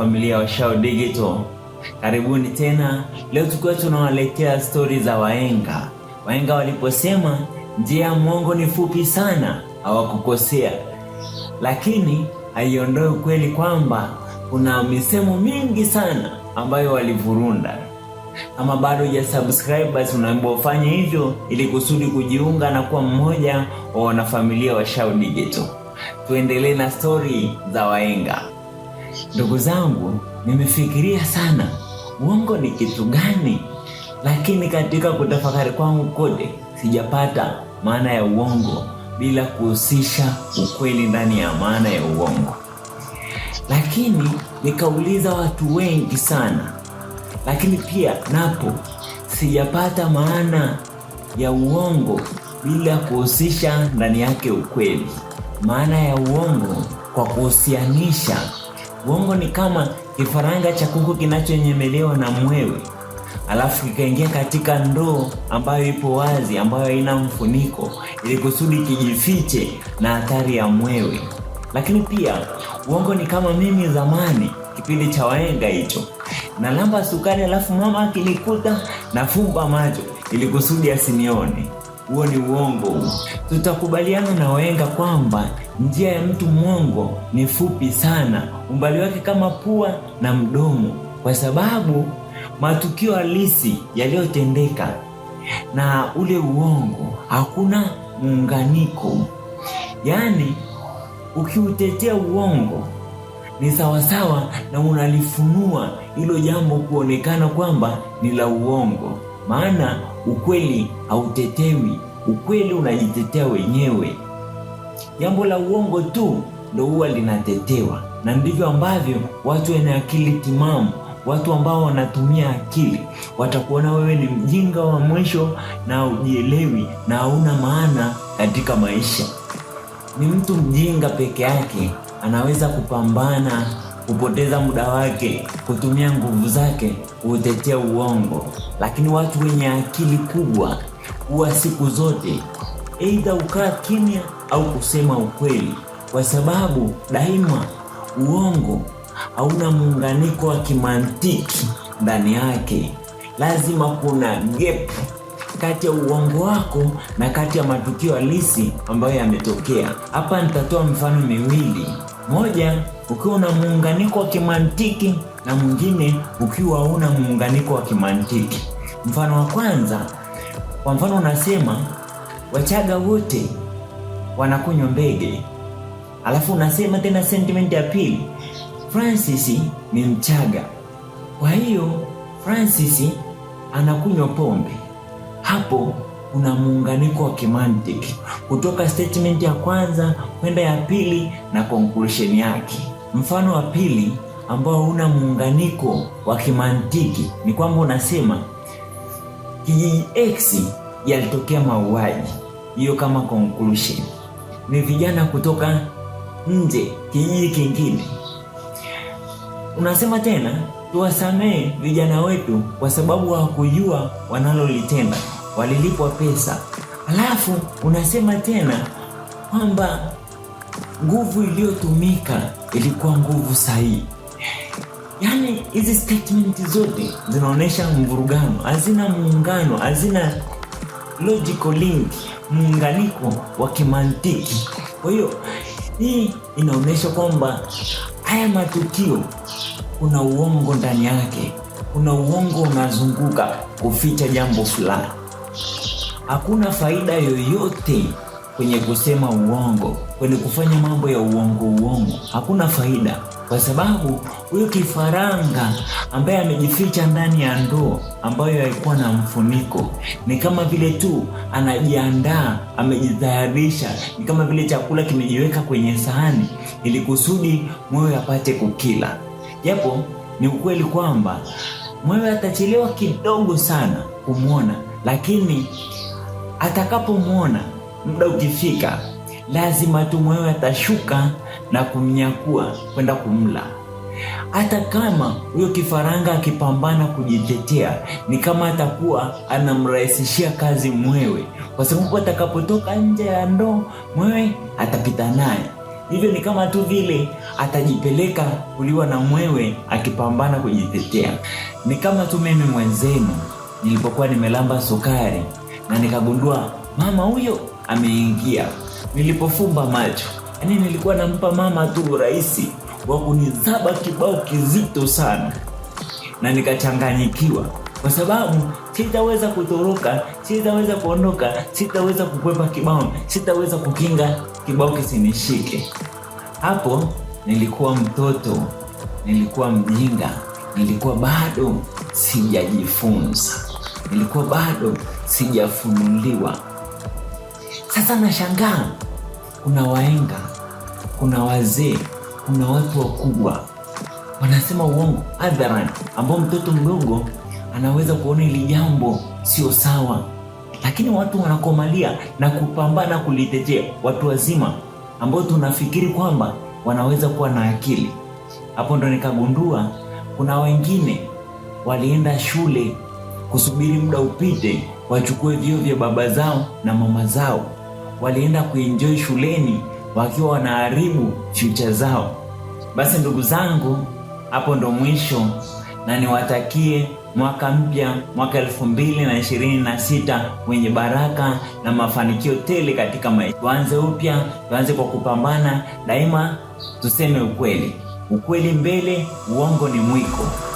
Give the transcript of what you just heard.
familia wa Shao Digital, karibuni tena. Leo tukiwa tunawaletea stori za wahenga. Wahenga waliposema njia ya mwongo ni fupi sana, hawakukosea, lakini haiondoi ukweli kwamba kuna misemo mingi sana ambayo walivurunda. Kama bado hujasubscribe, basi unaomba ufanye hivyo ili kusudi kujiunga na kuwa mmoja wa wanafamilia wa Shao Digital. Tuendelee na stori za wahenga. Ndugu zangu, nimefikiria sana uongo ni kitu gani, lakini katika kutafakari kwangu kote sijapata maana ya uongo bila kuhusisha ukweli ndani ya maana ya uongo. Lakini nikauliza watu wengi sana, lakini pia napo sijapata maana ya uongo bila kuhusisha ndani yake ukweli. Maana ya uongo kwa kuhusianisha Uongo ni kama kifaranga cha kuku kinachonyemelewa na mwewe, alafu kikaingia katika ndoo ambayo ipo wazi, ambayo haina mfuniko, ili kusudi kijifiche na hatari ya mwewe. Lakini pia uongo ni kama mimi zamani, kipindi cha waenga hicho, nalamba sukari, alafu mama akinikuta nafumba macho ili kusudi asinione huo ni uongo. Tutakubaliana na wenga kwamba njia ya mtu mwongo ni fupi sana, umbali wake kama pua na mdomo, kwa sababu matukio halisi yaliyotendeka na ule uongo hakuna muunganiko. Yaani, ukiutetea uongo ni sawasawa na unalifunua hilo jambo kuonekana kwamba ni la uongo maana ukweli hautetewi, ukweli unajitetea wenyewe. Jambo la uongo tu ndo huwa linatetewa, na ndivyo ambavyo watu wenye akili timamu, watu ambao wanatumia akili watakuona wewe ni mjinga wa mwisho na ujielewi na hauna maana katika maisha. Ni mtu mjinga peke yake anaweza kupambana kupoteza muda wake, kutumia nguvu zake kutetea uongo. Lakini watu wenye akili kubwa huwa siku zote aidha ukaa kimya au kusema ukweli, kwa sababu daima uongo hauna muunganiko wa kimantiki ndani yake. Lazima kuna gap kati ya uongo wako na kati ya matukio halisi ambayo yametokea. Hapa nitatoa mfano miwili moja ukiwa na muunganiko wa kimantiki na mwingine ukiwa una muunganiko wa kimantiki. Mfano wa kwanza, kwa mfano unasema Wachaga wote wanakunywa mbege, alafu unasema tena sentimenti ya pili, Francis ni Mchaga, kwa hiyo Francis anakunywa pombe hapo kuna muunganiko wa kimantiki kutoka statement ya kwanza kwenda ya pili na conclusion yake. Mfano wa pili ambao una muunganiko wa kimantiki ni kwamba unasema kijiji X yalitokea mauaji. Hiyo kama conclusion ni vijana kutoka nje kijiji kingine. Unasema tena tuwasamehe vijana wetu kwa sababu hawakujua wanalolitenda walilipwa pesa, alafu unasema tena kwamba nguvu iliyotumika ilikuwa nguvu sahihi. Yaani hizi statement zote zinaonyesha mvurugano, hazina muungano, hazina logical link, muunganiko wa kimantiki. Kwa hiyo hii inaonyesha kwamba haya matukio kuna uongo ndani yake, kuna uongo unazunguka kuficha jambo fulani. Hakuna faida yoyote kwenye kusema uongo, kwenye kufanya mambo ya uongo uongo, hakuna faida, kwa sababu huyo kifaranga ambaye amejificha ndani ya ndoo ambayo haikuwa na mfuniko ni kama vile tu anajiandaa, amejitayarisha, ni kama vile chakula kimejiweka kwenye sahani ili kusudi mwewe apate kukila. Japo ni ukweli kwamba mwewe atachelewa kidogo sana kumwona, lakini Atakapomwona muda ukifika, lazima tumwewe atashuka na kumnyakua kwenda kumla. Hata kama huyo kifaranga akipambana kujitetea, ni kama atakuwa anamrahisishia kazi mwewe, kwa sababu atakapotoka nje ya ndoo mwewe atapita naye. Hivyo ni kama tu vile atajipeleka kuliwa na mwewe akipambana kujitetea. Ni kama tu mimi mwenzenu nilipokuwa nimelamba sukari na nikagundua mama huyo ameingia. Nilipofumba macho, yaani nilikuwa nampa mama tu urahisi wa kunizaba kibao kizito sana, na nikachanganyikiwa kwa sababu sitaweza kutoroka, sitaweza kuondoka, sitaweza kukwepa kibao, sitaweza kukinga kibao kisinishike. Hapo nilikuwa mtoto, nilikuwa mjinga, nilikuwa bado sijajifunza nilikuwa bado sijafunuliwa. Sasa nashangaa, kuna wahenga, kuna wazee, kuna watu wakubwa wanasema uongo hadharani, ambao mtoto mdogo anaweza kuona hili jambo sio sawa, lakini watu wanakomalia na kupambana kulitetea. Watu wazima ambao tunafikiri kwamba wanaweza kuwa na akili. Hapo ndo nikagundua kuna wengine walienda shule kusubiri muda upite wachukue vyeo vya baba zao na mama zao. Walienda kuenjoy shuleni wakiwa wanaharibu future zao. Basi ndugu zangu, hapo ndo mwisho, na niwatakie mwaka mpya, mwaka elfu mbili na ishirini na sita wenye baraka na mafanikio tele katika maisha. Tuanze upya, tuanze kwa kupambana daima, tuseme ukweli. Ukweli mbele, uongo ni mwiko.